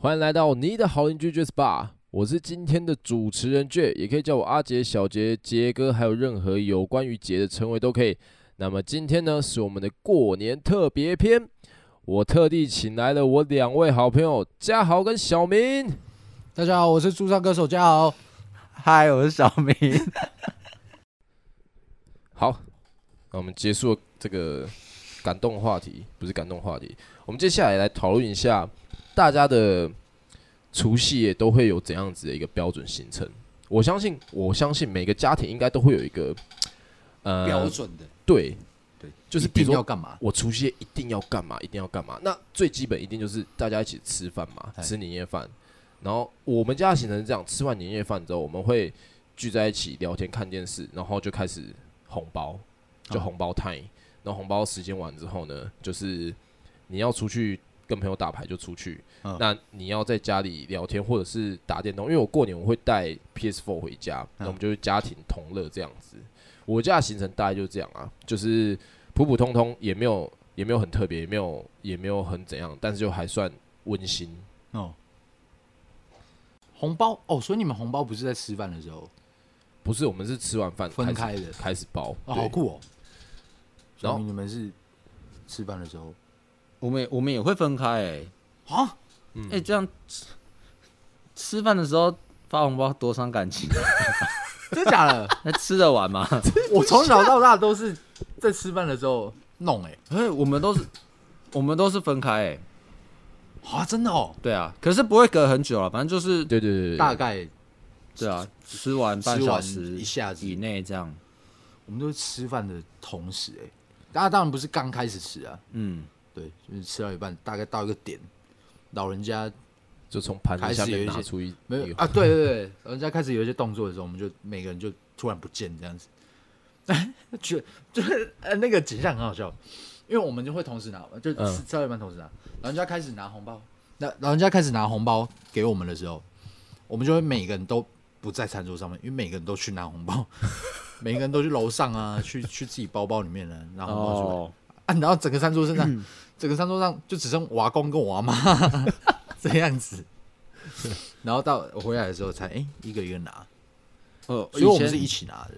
歡迎來到你的好鄰居傑斯霸，我是今天的主持人傑，也可以叫我阿傑、小傑、傑哥，還有任何有關於傑的稱謂都可以。那麼今天呢是我們的過年特別篇，我特地請來了我兩位好朋友家豪跟小明。大家好，我是駐唱歌手家豪，嗨，我是小明。 好，那我們結束了這個感動話題，不是感動話題，我們接下來來討論一下。大家的除夕夜都會有怎樣子的一個標準行程？我相信，我相信每個家庭應該都會有一個、呃、標準的。對對，就是比如說要幹嘛？我除夕夜一定要幹嘛？一定要幹嘛？那最基本一定就是大家一起吃飯嘛，吃年夜飯。然後我們家的行程是這樣：吃完年夜飯之後，我們會聚在一起聊天、看電視，然後就開始紅包，就紅包 time。那紅包時間完之後呢，就是你要出去，跟朋友打牌就出去，哦、那你要在家裡聊天或者是打電動，因為我過年我會帶 PS4 回家，那我們就是家庭同樂這樣子。哦、我家的行程大概就是這樣啊，就是普普通通，也沒有也沒有很特別，也沒有也沒有很怎樣，但是又還算溫馨哦。紅包哦，所以你們紅包不是在吃飯的時候？不是，我們是吃完飯分開的開始包、哦。好酷哦。然後你們是吃飯的時候。我們我們也會分開哎、欸、啊，哎哈、欸，這樣吃吃飯的時候發紅包多傷感情、啊， 真的假的？還吃得完嗎？ 我從小到大都是在吃飯的時候弄誒、欸，哎，我們都是我們都是分開哎、欸、啊，真的哦、喔？對啊，可是不會隔很久啊，反正就是對對，對對對，大概對啊，吃，吃完半小時一下子以內這樣，我們都是吃飯的同時哎、欸、大家當然不是剛開始吃啊，嗯。對，就是吃到一半，大概到一個點，老人家就從盤台下面開有一些拿出一沒有啊，對對對， 老人家開始有一些動作的時候，我們就每個人就突然不見這樣子，哎、 就是啊，那就就是呃那個景象很好笑，因為我們就會同時拿，就吃，吃到一半同時拿，老人家開始拿紅包，那老人家開始拿紅包給我們的時候，我們就會每個人都不在餐桌上面，因為每個人都去拿紅包，每個人都去樓上啊， 去去自己包包裡面呢、啊，拿紅包出來、oh. 啊，然後整個餐桌身上。 整個餐桌上就只剩我阿公跟我阿媽 這樣子， 對 然後到我回來的時候才、欸、一個一個拿，哦、呃，以前以我們是一起拿的，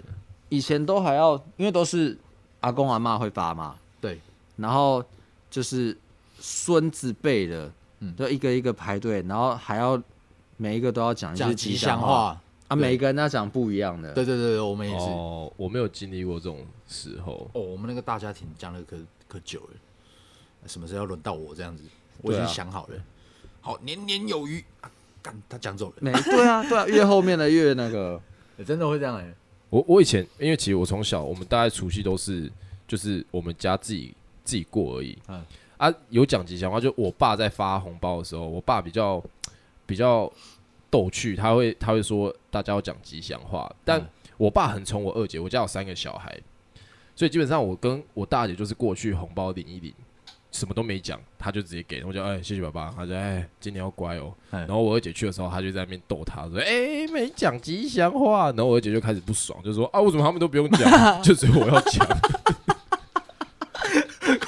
以前都還要因為都是阿公阿媽會發嘛，對，然後就是孫子輩的，嗯，就一個一個排隊，然後還要每一個都要講一些吉祥話，吉祥話啊，對每一個人都講不一樣的，對，對對對，我們也是，哦、我沒有經歷過這種時候，哦，我們那個大家庭講了可可久哎。什麼時候要輪到我這樣子？我已經想好了，啊、好年年有餘啊！幹他講走了沒？對啊，對啊，越後面的越那個， 也真的會這樣哎、欸。我我以前因為其實我從小我們大家除夕都是就是我們家自己自己過而已、嗯、啊啊有講吉祥話就我爸在發紅包的時候，我爸比較比較逗趣，他會他會說大家要講吉祥話，但我爸很寵我二姐，我家有三個小孩，所以基本上我跟我大姐就是過去紅包領一領。什麼都沒講，他就直接給，我就哎、欸，謝謝爸爸。他就哎、欸，今年要乖哦。嘿然後我二姐去的時候，他就在那邊逗他，說哎、欸，沒講吉祥話。然後我二姐就開始不爽，就說啊，為什麼他們都不用講，媽就只有我要講？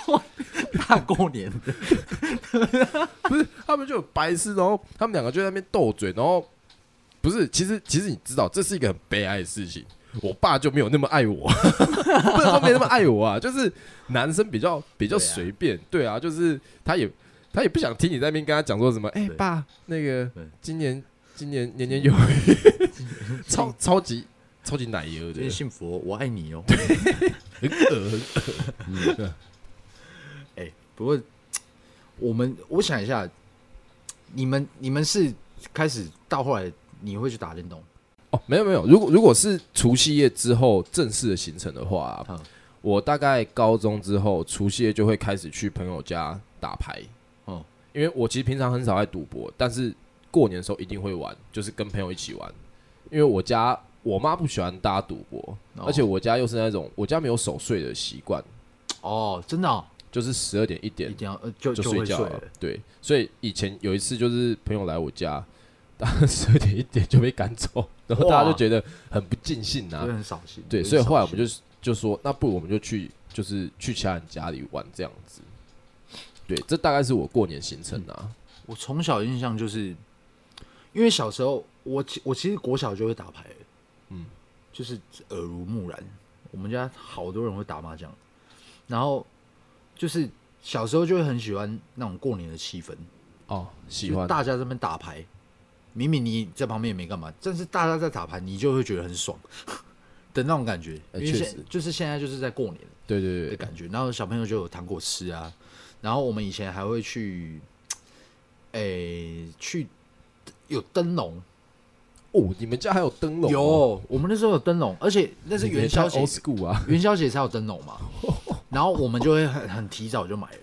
過 大過年， 不是他們就有白痴，然後他們兩個就在那邊鬥嘴，然後不是，其實其實你知道，這是一個很悲哀的事情。我爸就沒有那麼愛我，不能說沒那麼愛我啊，就是男生比較比較隨便，對啊，就是他也他也不想聽你在那邊跟他講說什麼，哎，爸，那個今年今年年年有餘超超級超級奶油的，有點幸福，我愛你哦，很可惡。哎，不過我們我想一下，你們你們是開始到後來你會去打電動？哦，沒有沒有，如果如果是除夕夜之後正式的行程的話，啊，嗯、我大概高中之後除夕夜就會開始去朋友家打牌。嗯，因為我其實平常很少在賭博，但是過年的時候一定會玩，嗯、就是跟朋友一起玩。因為我家我媽不喜歡大家賭博，哦、而且我家又是那種我家沒有守歲的習慣。哦，真的、哦，就是十二點一點就睡覺了。呃、了對，所以以前有一次就是朋友來我家。十二 點一點就被趕走，然後大家就覺得很不盡興啊哇，很掃興。對，對所以後來我們就就說，那不如我們就去，就是去其他人家裡玩這樣子。對，這大概是我過年的行程啊。嗯，我從小的印象就是，因為小時候我其我其實國小就會打牌，嗯，就是耳濡目染，我們家好多人會打麻將，然後就是小時候就會很喜歡那種過年的氣氛哦，喜歡大家這邊打牌。明明你在旁邊也沒幹嘛，但是大家在打牌，你就會覺得很爽的那種感覺。因為現、欸、就是現在就是在過年，對對對的感覺。然後小朋友就有糖果吃啊，然後我們以前還會去，誒、欸，去有燈籠。哦，你們家還有燈籠？有，我們那時候有燈籠，而且那是元宵節。old school 啊，元宵節才有燈籠嘛。然後我們就會很很提早就買了。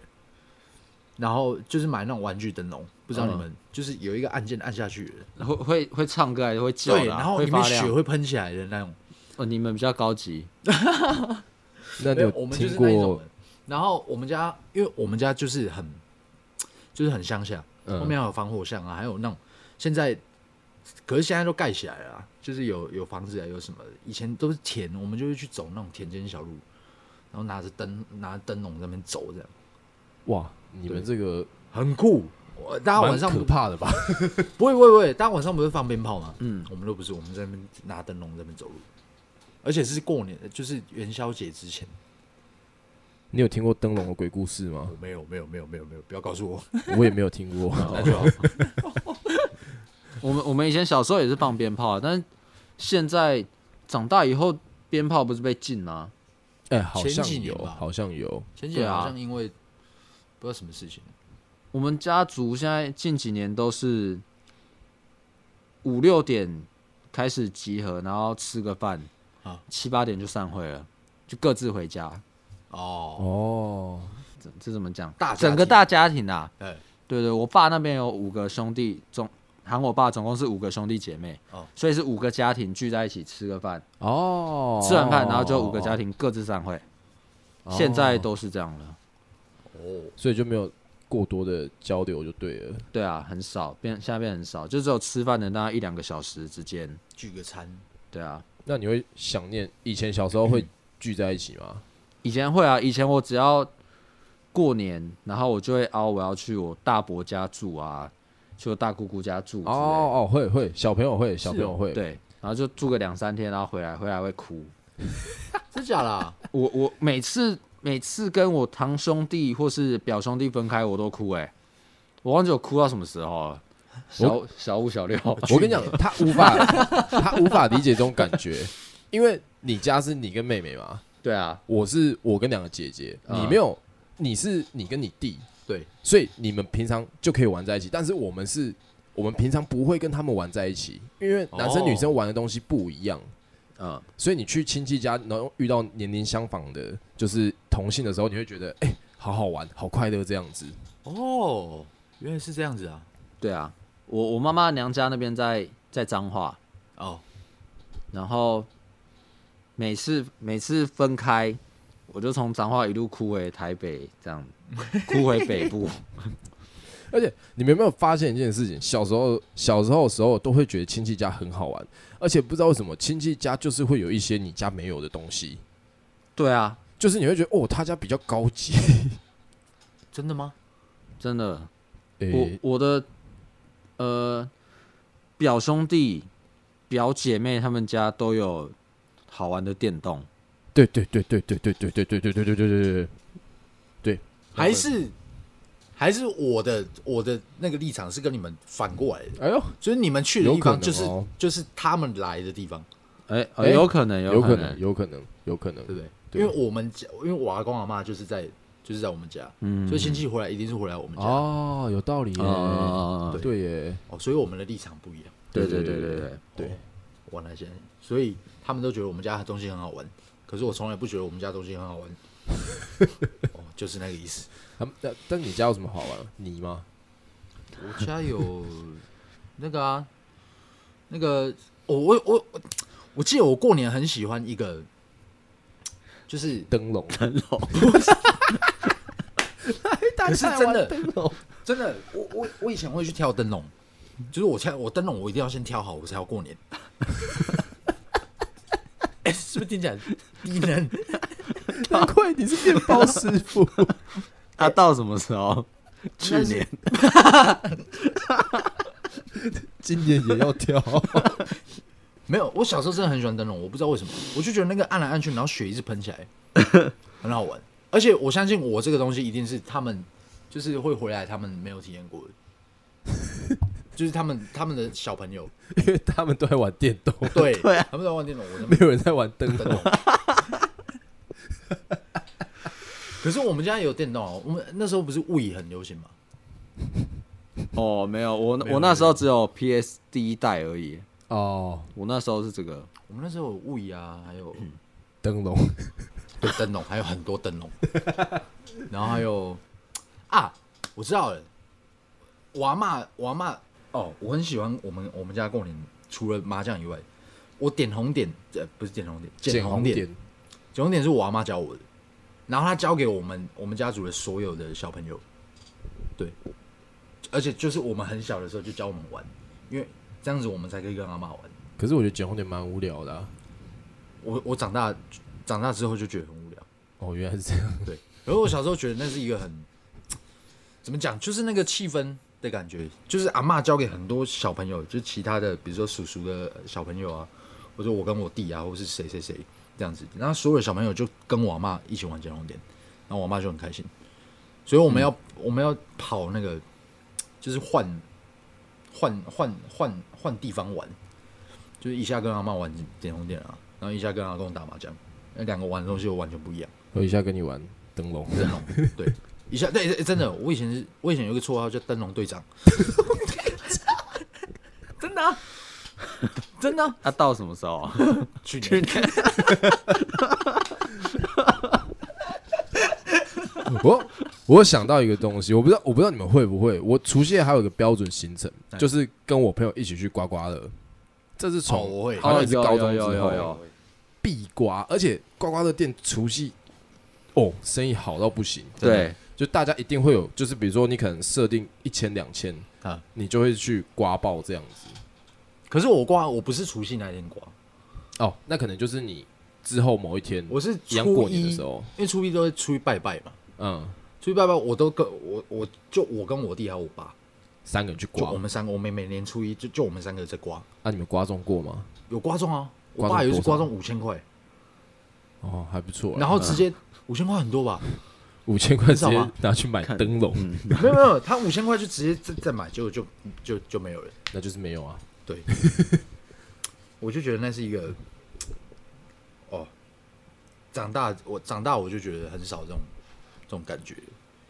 然後就是買那種玩具燈籠，不知道你們就是有一個按鍵按下去的，嗯、然後會會唱歌還是會叫，啊？然後裡面雪會噴起來的那種。哦，你們比較高級。對 我們就是那種。然後我們家，因為我們家就是很，就是很鄉下，後面還有防火巷啊，還有那種現在，可是現在都蓋起來了，啊，就是有有房子啊，有什麼？以前都是田，我們就是去走那種田間小路，然後拿着燈，拿燈籠在那邊走這樣。哇。你們這個很酷大，大家晚上不怕的吧？不會不會不會，大家晚上不會放鞭炮嗎？嗯，我們都不是，我們在那邊拿燈籠在那邊走路，而且是過年，就是元宵節之前。你有聽過燈籠的鬼故事嗎？沒有沒有沒有沒有沒有，不要告訴我，我也沒有聽過。我們 好 我們以前小時候也是放鞭炮，但是現在長大以後，鞭炮不是被禁了、啊？哎、欸，好像有，好像有，前幾年好像因為。不知道什麼事情。我們家族現在近幾年都是五六點開始集合，然後吃個飯，七八、啊、點就散會了，就各自回家。哦哦、嗯，這怎麼講？大整個大家庭啊，欸、對對對，我爸那邊有五個兄弟，總、和我爸總共是五個兄弟姐妹，哦、所以是五個家庭聚在一起吃個飯。哦，吃完飯然後就五個家庭各自散會。哦、現在都是這樣了。哦，oh. 所以就沒有過多的交流就對了，對啊，很少變，現在變很少，就只有吃飯的那一兩個小時之間聚個餐，對啊。那你會想念以前小時候會聚在一起嗎？ 以前會啊，以前我只要過年，然後我就會熬、哦、我要去我大伯家住啊，去我大姑姑家住，哦哦、oh, oh,，會會，小朋友會，小朋友會，哦、對，然後就住個兩三天，然後回來回來會哭，真假啦？我我每次。每次跟我堂兄弟或是表兄弟分開，我都哭哎、欸！我忘記我哭到什麼時候了。小我小五、小六，我跟你講， 他無法， 他無法理解這種感覺，因為你家是你跟妹妹嘛。對啊，我是我跟兩個姐姐，嗯、你沒有，你是你跟你弟，對，所以你們平常就可以玩在一起，但是我們是，我們平常不會跟他們玩在一起，因為男生女生玩的東西不一樣。哦嗯，所以你去親戚家，然後遇到年齡相仿的，就是同性的時候，你會覺得，哎，欸，好好玩，好快樂這樣子。哦，原來是這樣子啊。對啊，我我媽媽娘家那邊在在彰化。哦。然後每次每次分開，我就從彰化一路哭回台北，這樣哭回北部。 而且你們有沒有發現一件事情？小時候、小時候的時候，都會覺得親戚家很好玩，而且不知道為什麼，親戚家就是會有一些你家沒有的東西。對啊，就是你會覺得哦，他家比較高級。 真的嗎？真的。欸、我我的呃表兄弟、表姐妹他們家都有好玩的電動。對對對對對，對對對對對對對對對對對對對對對。對，還是。還是我的我的那個立場是跟你們反過來的，哎呦，就是你們去的地方，就是就是他們來的地方，哎有可能有可能有可能有可能，對不對？因為我們家，因為我阿公阿媽就是在就是在我們家，嗯，所以親戚回來一定是回來我們家哦，有道理，對耶，所以我們的立場不一樣，對對對對對對，我來先。所以他們都覺得我們家的東西很好玩。可是我從來不覺得我們家的東西很好玩。哦， oh, 就是那個意思。但但你家有什麼好玩？你嗎？我家有那個啊， 那個、哦、我我我我記得我過年很喜歡一個，就是燈籠燈籠。可是真的 真的，我我我以前會去挑燈籠，就是我現在我燈籠，我一定要先挑好，我才要過年、 欸。是不是聽起來低能？難怪你是電報師傅。他、 欸啊、到什麼時候？去年， 今年也要跳？沒有，我小時候真的很喜歡燈籠，我不知道為什麼，我就覺得那個按來按去，然後血一直噴起來， 很好玩。而且我相信，我這個東西一定是他們，就是會回來，他們沒有體驗過的， 就是他們他們的小朋友，因為他們都在玩電動，對，對、啊、他們都在玩電動，我電動沒有人在玩燈籠。 可是我們家也有電動哦。我們那時候不是物語很流行嗎？哦，oh, 沒有，我那，沒有，我那時候只有 PS 第一代而已。哦，oh, 我那時候是這個。我們那時候有物語啊，還有燈籠，燈籠、嗯籠，還有很多燈籠。 然後還有啊，我知道了。我阿嬤，我阿嬤，哦，我很喜歡我們我們家過年，除了麻將以外，我點紅點，呃，不是點紅點，見紅點，見紅點是我阿嬤教我的。然後他教給我們，我們家族的所有的小朋友，對，而且就是我們很小的時候就教我們玩，因為這樣子我們才可以跟阿媽玩。可是我覺得撿紅點蠻無聊的啊，我我長大長大之後就覺得很無聊。哦，原來是這樣。對，而我小時候覺得那是一個很怎麼講，就是那個氣氛的感覺，就是阿媽教給很多小朋友，就其他的，比如說叔叔的小朋友啊，或者我跟我弟啊，或者是誰誰誰。這樣子，然後所有的小朋友就跟我媽一起玩撿紅點，然後我媽就很開心。所以我們要、嗯、我們要跑那個，就是換換換換換地方玩，就是一下跟阿媽玩撿紅點啊，然後一下跟阿公打麻將，那兩個玩的東西又完全不一樣。我一下跟你玩燈籠，燈籠，對，一下對，對，真的，我以前是，我以前有個綽號叫燈籠隊長， 真的、啊。真的？那到什麼時候啊？去年。 去年 我我想到一個東西，我不知道我不知道你們會不會。我除夕還有一個標準行程，對就是跟我朋友一起去刮刮樂。這是從好像是高中之後必刮，而且刮刮樂店除夕哦生意好到不行。對，對就大家一定會有，就是比如說你可能設定一千兩千啊，你就會去刮爆這樣子。可是我刮，我不是除夕那天刮。哦，那可能就是你之後某一天。我是一樣過年的時候，因為初一都會出去拜拜嘛。嗯，出去拜拜，我都跟我，我就我跟我弟還有我爸，三個人去刮。我們三個，我們每年初一就就我們三個在刮。那你們刮中過嗎？有刮中啊！我爸有一次刮中五千塊。哦，還不錯。然後直接五千塊很多吧？五千塊直接拿去買燈籠？沒有沒有，他五千塊就直接再再買，就就就就沒有了，那就是沒有啊。對， 我就覺得那是一個，哦，長大我長大我就覺得很少這種這種感覺。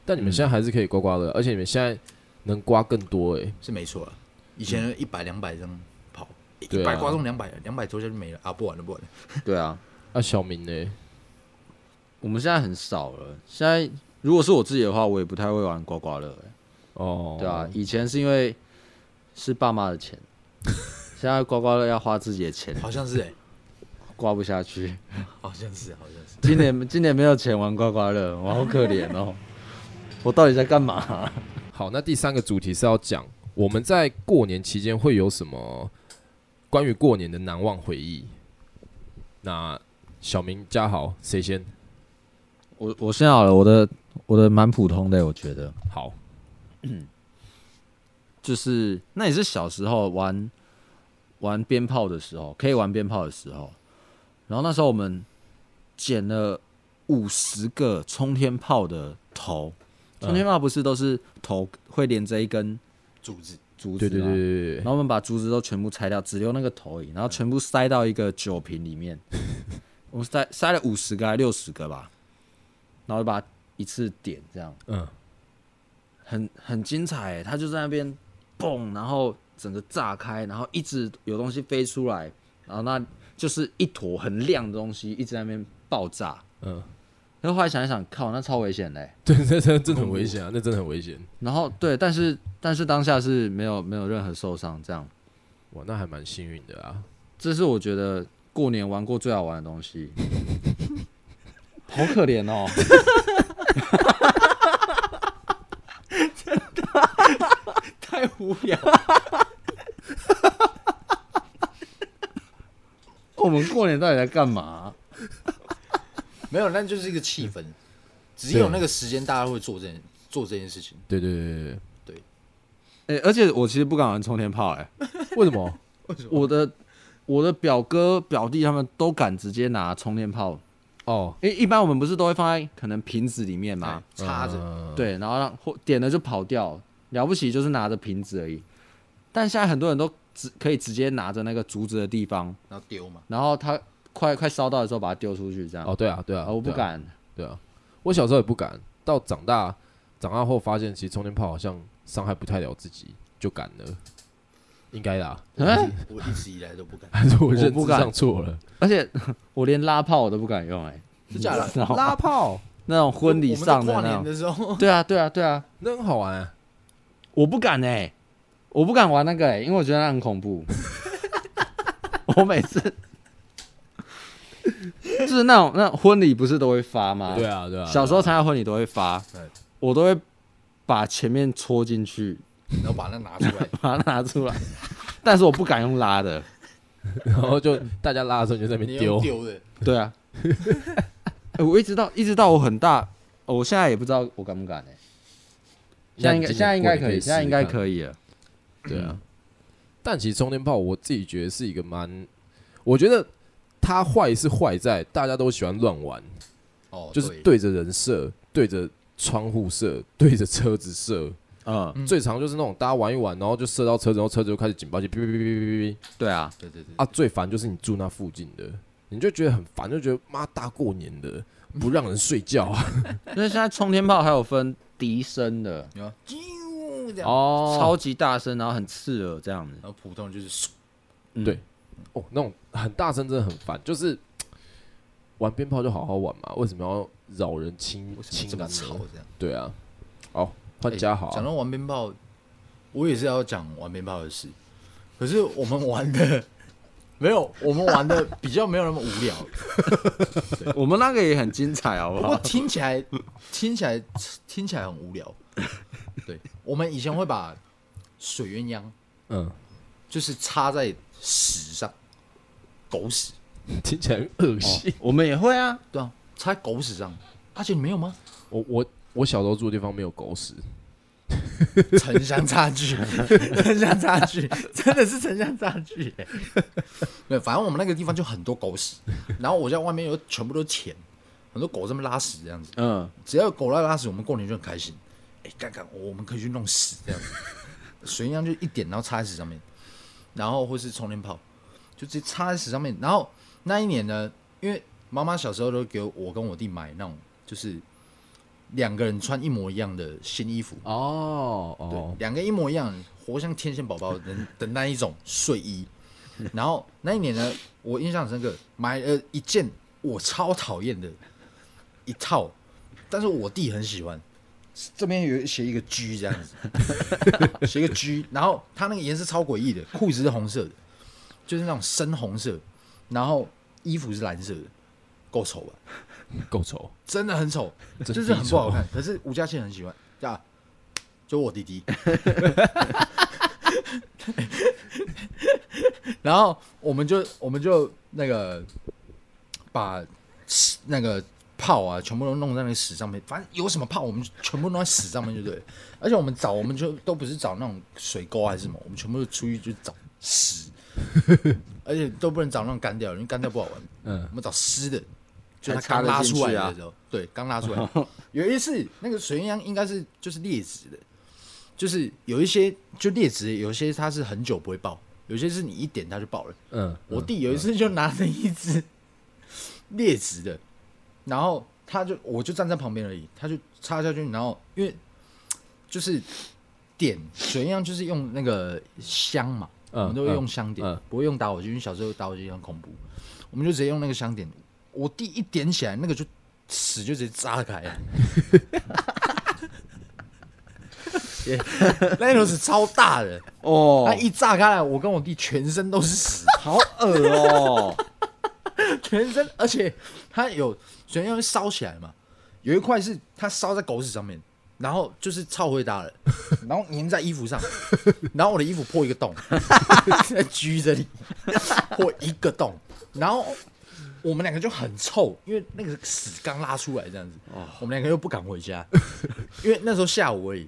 但你們現在還是可以刮刮樂，嗯、而且你們現在能刮更多哎、欸，是沒錯啊。以前一百兩百這樣跑，一百、啊、刮中兩百，兩百多就沒了啊，不玩了不玩了。 對啊，啊小明呢？我們現在很少了。現在如果是我自己的話，我也不太會玩刮刮樂、欸、哦，對啊，以前是因為是爸媽的錢。 現在刮刮樂要花自己的錢，好像是哎、欸，刮不下去，好像是，好像是。 今年今年沒有錢玩刮刮樂，我好可憐哦。 我到底在幹嘛啊？好，那第三個主題是要講我們在過年期間會有什麼關於過年的難忘回憶。那小明、家豪，誰先？我我先好了，我的我的蠻普通的，我覺得好。 就是那也是小時候玩玩鞭炮的時候，可以玩鞭炮的時候。然後那時候我們撿了五十個沖天炮的頭，沖天炮不是都是頭會連着一根竹子？竹子嗎？對對對對，對，對，然後我們把竹子都全部拆掉，只留那個頭而已，然後全部塞到一個酒瓶裡面。嗯、我們塞塞了五十個、還六十個吧，然後就把它一次點，這樣。嗯。很很精彩、欸，他就在那邊。嘣！然後整個炸開，然後一直有東西飛出來，然後那就是一坨很亮的東西一直在那邊爆炸。嗯，那後後來想一想，靠，那超危險嘞！對，這這這很危險啊，哦、那真的很危險。然後對，但是但是當下是沒有沒有任何受傷，這樣。哇，那還蠻幸運的啊！這是我覺得過年玩過最好玩的東西。 好可憐哦。 太無聊！ 我們過年到底在幹嘛、啊？ 沒有，那就是一個氣氛，只有那個時間對大家會做這件做這件事情。對對對對對、欸。而且我其實不敢玩沖天炮、欸，哎， 為什麼？為什麼？我的我的表哥表弟他們都敢直接拿沖天炮哦，因為一般我們不是都會放在可能瓶子裡面嘛，插着，嗯嗯嗯嗯對，然後讓點了就跑掉。了不起就是拿着瓶子而已，但現在很多人都只可以直接拿着那個竹子的地方，然後丟嘛，然後它快快燒到的時候把它丟出去這樣。哦，對啊，對啊，我不敢對、啊對啊，對啊，我小時候也不敢，到長大長大後發現其實沖天炮好像傷害不太了自己，就敢了。應該啦、啊，嗯、我一直以來都不敢， 還是我認知上錯了？而且我連拉炮我都不敢用、欸，哎，是這樣。拉炮 那種婚禮上的那種，時候對啊，對啊，對啊， 那很好玩啊、欸。我不敢呢、欸，我不敢玩那個哎、欸，因為我覺得它很恐怖。 我每次 就是那種那種婚禮不是都會發嗎？對啊對啊，對啊對啊，小時候參加婚禮都會發，對我都會把前面戳進去，然後把那拿出來， 把它拿出來。但是我不敢用拉的， 然後就大家拉的時候就在那邊丟，丟的。對啊， 我一直到一直到我很大，我現在也不知道我敢不敢哎、欸。現在，現在應該現在應該可以，現在應該可以了。對啊，但其實衝天炮我自己覺得是一個蠻，我覺得它壞是壞在大家都喜歡亂玩，就是對着人射，對着窗戶射，對着車子射，啊，最常就是那種大家玩一玩，然後就射到車子，然後車子就開始警報器，嗶嗶嗶嗶嗶嗶。對啊，對對對，啊，最煩就是你住那附近的，你就覺得很煩，就覺得媽大過年的不讓人睡覺啊。那現在衝天炮還有分？低聲的，啊、這樣哦，超級大聲，然後很刺耳，這樣子。然後普通就是，嗯、對，哦，那種很大聲真的很煩，就是玩鞭炮就好好玩嘛，為什麼要擾人清清感吵這樣？對啊，好，換家豪、啊欸，講到玩鞭炮，我也是要講玩鞭炮的事，可是我們玩的。 沒有，我們玩的比較沒有那麼無聊。我們那個也很精彩，好不好？不過聽起來，聽起來，聽起來很無聊。對，我們以前會把水鴛鴦，嗯，就是插在屎上，狗屎，聽起來噁心、哦。我們也會啊，對啊，插在狗屎上。而且你沒有嗎？我我我小時候住的地方沒有狗屎。城鄉差距，城鄉差距，真的是城鄉差距、欸。 對，反正我們那個地方就很多狗屎，然後我家外面又全部都田，很多狗在那邊拉屎這樣子。嗯，只要有狗在拉屎，我們過年就很開心。哎、欸，看看，我們可以去弄屎這樣子，水鴛鴦就一點，然後插在屎上面，然後或是沖天炮，就直接插在屎上面。然後那一年呢，因為媽媽小時候都給我跟我弟買那種，就是。兩個人穿一模一樣的新衣服哦哦，兩個一模一樣，活像天線寶寶的的那一種睡衣。然後那一年呢，我印象很深刻，買了一件我超討厭的一套，但是我弟很喜歡。這邊有寫一個 G 這樣子，寫一 個 G，然後他那個顏色超詭異的，褲子是紅色的，就是那種深紅色，然後衣服是藍色的，夠醜吧？夠醜，真的很醜，真就是很不好看。可是吳嘉倩很喜歡，這樣，就我弟弟。 欸、然後我們就我們就那個把那個炮啊，全部都弄在那個屎上面。反正有什麼炮我們全部弄在屎上面就對了。而且我們找，我們就都不是找那種水溝、啊、還是什麼，我們全部出去就找屎。而且都不能找那種乾掉，因為乾掉不好玩。嗯，我們找濕的。就他剛拉出來的時候，啊、對，剛拉出來的。 有一次，那個水鴛鴦應該是就是劣質的，就是有一些就劣質，有一些它是很久不會爆，有些是你一點它就爆了。嗯，我弟有一次就拿着一隻劣質的，嗯嗯、然後他就我就站在旁邊而已，他就插下去，然後因為就是點水鴛鴦就是用那個香嘛，嗯、我們都會用香點，嗯、不會用打火機，嗯、因為小時候打火機很恐怖，我們就直接用那個香點。我弟一點起來，那個就屎就直接炸開了，那坨屎超大的哦，Oh. 一炸開來，我跟我弟全身都是屎，好惡哦、喔！ 全身，而且它有，首先因燒起來嘛，有一塊是它燒在狗屎上面，然後就是超會大的，然後粘在衣服上，然後我的衣服破一個洞， 在鞠這裡破一個洞，然後。我們兩個就很臭，因為那個屎剛拉出來這樣子，oh. 我們兩個又不敢回家， 因為那時候下午而已，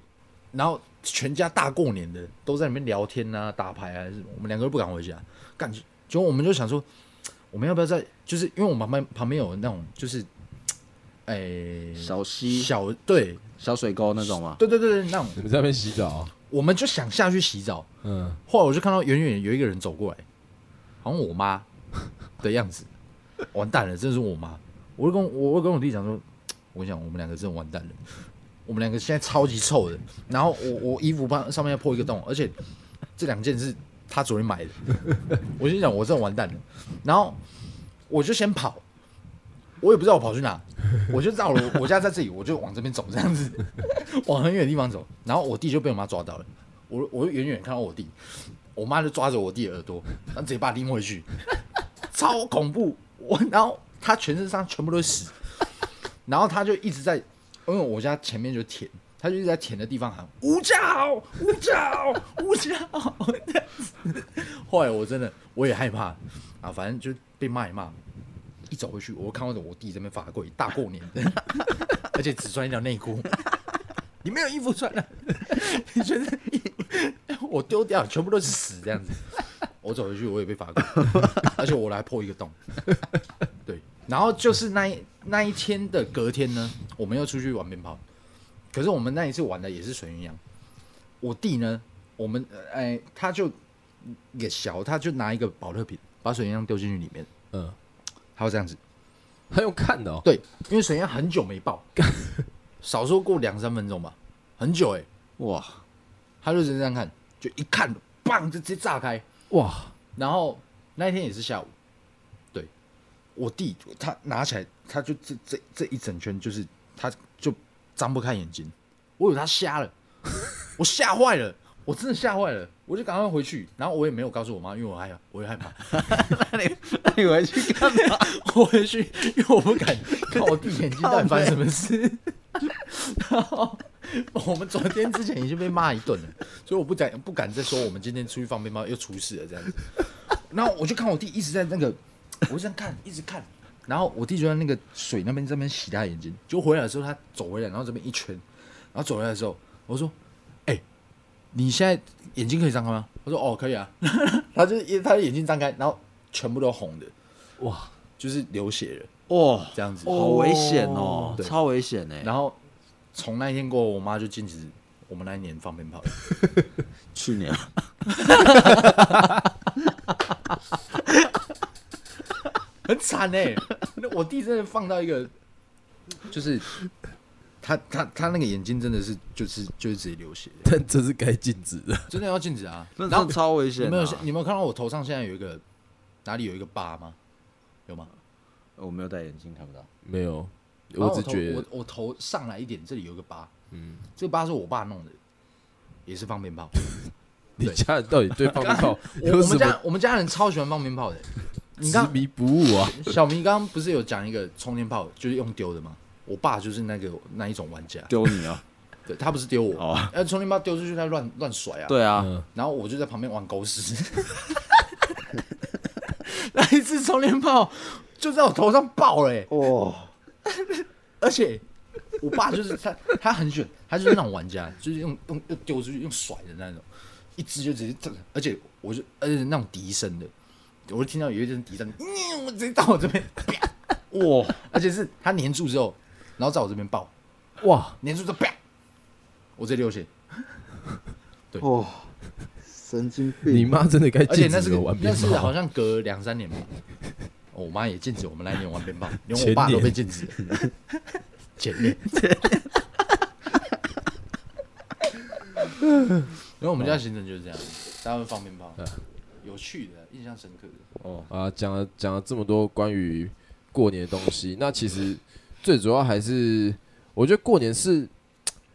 然後全家大過年的都在裡面聊天啊、打牌啊，我們兩個又不敢回家，幹就我們就想說，我們要不要在？就是因為我們旁邊旁邊有那種就是，哎、欸，小溪小對小水溝那種嘛，對對對對那種，你們在那邊洗澡，我們就想下去洗澡。嗯，後來我就看到遠遠有一個人走過來，好像我媽的樣子。 完蛋了！這是我媽，我就跟我，我跟我弟講說，我想我們兩個真的完蛋了，我們兩個現在超級臭的。然後我我衣服上上面要破一個洞，而且這兩件是她昨天買的。我跟你講，我真的完蛋了。然後我就先跑，我也不知道我跑去哪，我就知道我家在這裡，我就往這邊走，這樣子往很遠的地方走。然後我弟就被我媽抓到了，我我遠遠看到我弟，我媽就抓着我弟的耳朵，然後直接把他拎回去，超恐怖。我然後他全身上全部都是屎，然後他就一直在，因為我家前面就田，他就一直在田的地方喊“呼叫 喔，呼叫、喔，呼叫、 喔”這樣子。後來我真的我也害怕啊，反正就被罵一罵。一走回去，我看到我弟這邊罰跪大過年的， 而且只穿一條內褲， 你沒有衣服穿了， 你覺得你？ 我丟掉，全部都是屎這樣子。我走回去，我也被罰過， 而且我來破一個洞。 對，然後就是那那一天的隔天呢，我們要出去玩鞭炮，可是我們那一次玩的也是水鴛鴦，我弟呢，我們哎、欸，他就也小，他就拿一個保特瓶，把水鴛鴦丟進去裡面，嗯，他會這樣子，很有看的哦。對，因為水鴛鴦很久沒爆， 少說過兩三分鐘吧，很久哎、欸，哇，他就直接這樣看，就一看，砰，就直接炸開。哇！然後那一天也是下午，對，我弟他拿起來，他就這這這一整圈，就是他就張不開眼睛，我以為他瞎了我，我嚇壞了，我真的嚇壞了，我就趕快回去，然後我也沒有告訴我媽，因為我還我害怕，我也害怕 那你那你回去幹嘛？ 我回去，因為我不敢看我弟眼睛，到底發生什麼事？ 然後。 我們昨天之前已經被罵一頓了，所以我不敢不敢再說我們今天出去放鞭炮又出事了這樣子。然後我就看我弟一直在那個，我就這樣看一直看，然後我弟就在那個水那邊這邊洗他眼睛。就回來的時候，他走回來，然後這邊一圈，然後走回來的時候，我說：“哎、欸，你現在眼睛可以張開嗎？”他說：“哦，可以啊。” 他就是他的眼睛張開，然後全部都紅的，哇，就是流血了，哇，這樣子、哦、好危險哦，對超危險哎、欸，然後。從那一天過後，我媽就禁止我們那一年放鞭炮。去年啊， 很慘哎！我弟真的放到一個，就是他他他那個眼睛，真的是就是就是直接流血、欸，但這是該禁止的，真的要禁止啊！啊、然後超危險，沒有你有沒有看到我頭上現在有一個，哪裡有一個疤嗎？有嗎？我沒有戴眼鏡，看不到，沒有。我只覺得我我頭上來一點，這裡有個疤，嗯，這個疤是我爸弄的，也是放鞭炮。 你家到底對放鞭炮剛剛我？我們家我們家人超喜歡放鞭炮的，欸。你看執迷不悟啊！小明剛，剛不是有講一個沖天炮，就是用丟的嗎？我爸就是那個那一種玩家丟你啊？ 對，他不是丟我，那沖天炮丟出去他亂亂甩啊，對啊，然後我就在旁邊玩狗屎， 那一次沖天炮就在我頭上爆了，欸，哇！Oh. 而且，我爸就是他， 他，他很捲，他就是那種玩家，就是用用丟出去，用甩的那種，一隻就直接這。而且，我就而且那種笛聲的，我就聽到有一陣笛聲，嗯，我直接到我這邊，啪，哇！而且是他粘住之後，然後在我這邊爆，哇，粘住之後啪，我直接流血。對，哦，神經病！你媽真的該而且那是個玩幣了。那是好像隔兩三年吧。哦哦、我媽也禁止我們來年玩鞭炮，前年 連我爸都被禁止了。前面，因為我們家行程就是這樣子，大家會放鞭炮，嗯、有趣的、印象深刻的。哦啊，講了講了這麼多關於過年的東西， 那其實最主要還是，我覺得過年是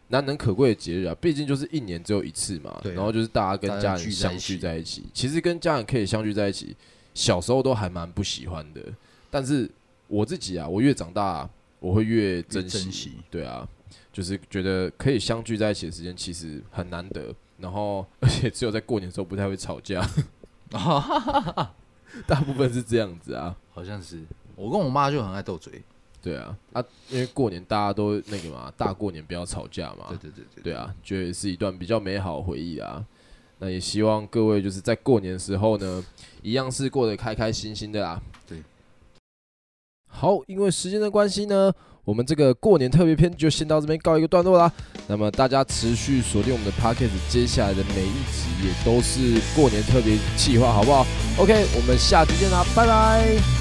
難能可貴的節日啊，畢竟就是一年只有一次嘛。啊、然後就是大家跟家人相聚在一起，啊、一起其實跟家人可以相聚在一起。小時候都還蠻不喜歡的，但是我自己啊，我越長大、啊，我會越珍惜。珍惜，對啊，就是覺得可以相聚在一起的時間其實很難得，然後而且只有在過年的時候不太會吵架，哦、哈哈哈哈，大部分是這樣子啊。好像是我跟我媽就很愛鬥嘴，對啊啊，因為過年大家都那個嘛，大過年不要吵架嘛，對對，對對對對，對啊，覺、就、得是一段比較美好的回憶啊。那也希望各位就是在過年的時候呢，一樣是過得開開心心的啦。對。好，因為時間的關係呢，我們這個過年特別篇就先到這邊告一個段落啦。那麼大家持續鎖定我們的 Podcast，接下來的每一集也都是過年特別計劃，好不好？OK，我們下期見啦，拜拜。